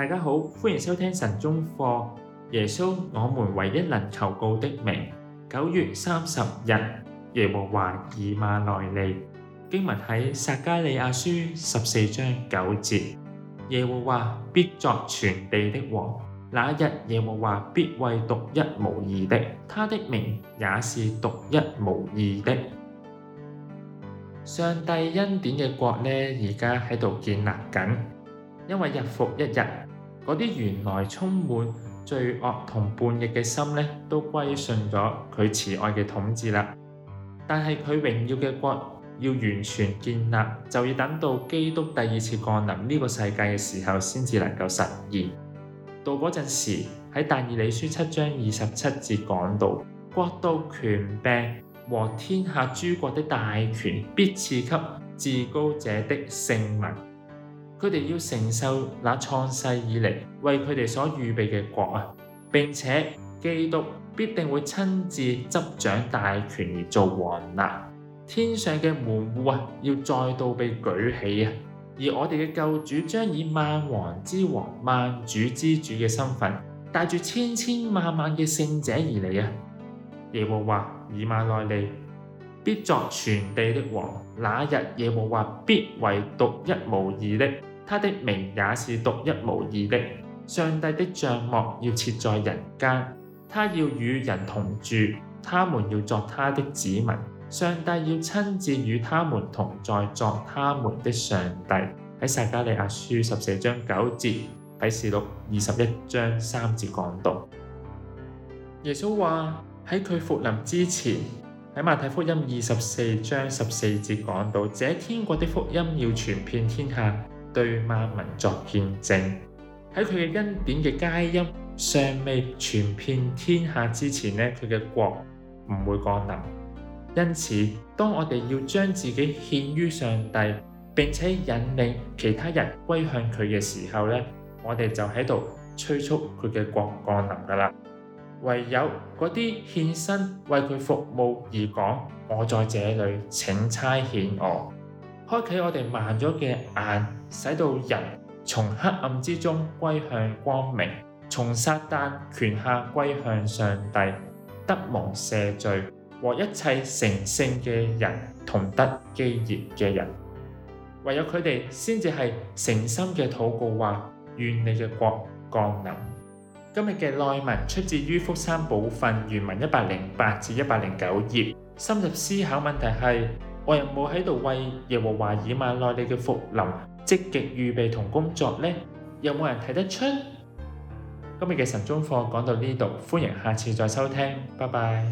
大家好，歡迎收聽神中課。耶穌，我們唯一能求告的名。九月三十日，耶和華以馬內利。經文喺撒迦利亞書十四章九節。耶和華必作全地的王，那日耶和華必為獨一無二的，他的名也是獨一無二的。上帝恩典嘅國呢，而家喺度建立緊，因為日復一日。嗰啲原來充滿罪惡同叛逆嘅心呢，都歸順咗佢慈愛嘅統治啦。但係佢榮耀嘅國要完全建立，就要等到基督第二次降臨呢個世界嘅時候先至能夠實現。到嗰陣時，喺但以理書七章二十七節講到，國度權柄和天下諸國的大權必賜給至高者的聖民。佢哋要承受那創世以嚟為佢哋所預備嘅國啊！並且基督必定會親自執掌大權而做王啦、啊。天上嘅門戶啊，要再度被舉起啊！而我哋嘅救主將以萬王之王、萬主之主嘅身份帶住千千萬萬嘅聖者而嚟、啊。耶和華以馬內利必作全地的王，那日耶和華必為獨一無二的。他的名也是獨一無二的。上帝的帳幕要設在人間，他要與人同住，他們要作他的子民。上帝要親自與他們同在，作他們的上帝。喺撒加利亞書十四章九節，啟示錄二十一章三節講到耶穌話喺佢復臨之前，喺馬太福音二十四章十四節講到，這天國的福音要傳遍天下。對萬民作見證，喺佢嘅恩典嘅佳音尚未傳遍天下之前呢，佢嘅國唔會降臨。因此，當我哋要將自己獻於上帝，並且引領其他人歸向佢嘅時候呢，我哋就喺度催促佢嘅國降臨噶啦。唯有嗰啲獻身為佢服務而講，我在這裡，請差遣我。開啟我哋盲咗嘅眼，使到人從黑暗之中歸向光明，從撒但權下歸向上帝，得蒙赦罪和一切成聖嘅人同得基業嘅人。唯有佢哋先至係誠心嘅禱告話，話願你嘅國降臨。今日嘅內文出自於福山寶訓原文一百零八至一百零九頁。深入思考問題係。我有冇喺度為耶和華以馬內利嘅復臨積極預備同工作呢？有冇人睇得出？今日嘅晨鐘課講到呢度，歡迎下次再收聽，拜拜。